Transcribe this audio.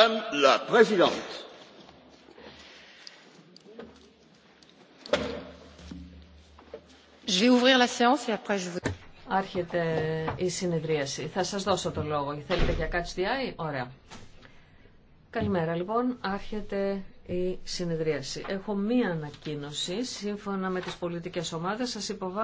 Madame la Présidente, je vais ouvrir la séance et après je vous. Άρχεται η συνεδρίαση. Θα σας δώσω το λόγο. Θέλετε για κάτι στη Ωραία. Καλημέρα λοιπόν. Άρχεται η συνεδρίαση. Έχω μία ανακοίνωση. Σύμφωνα με τις πολιτικές ομάδες σας υποβάλλω.